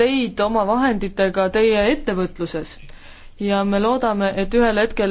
teid oma vahenditega teie ettevõtluses ja me loodame, et ühel hetkel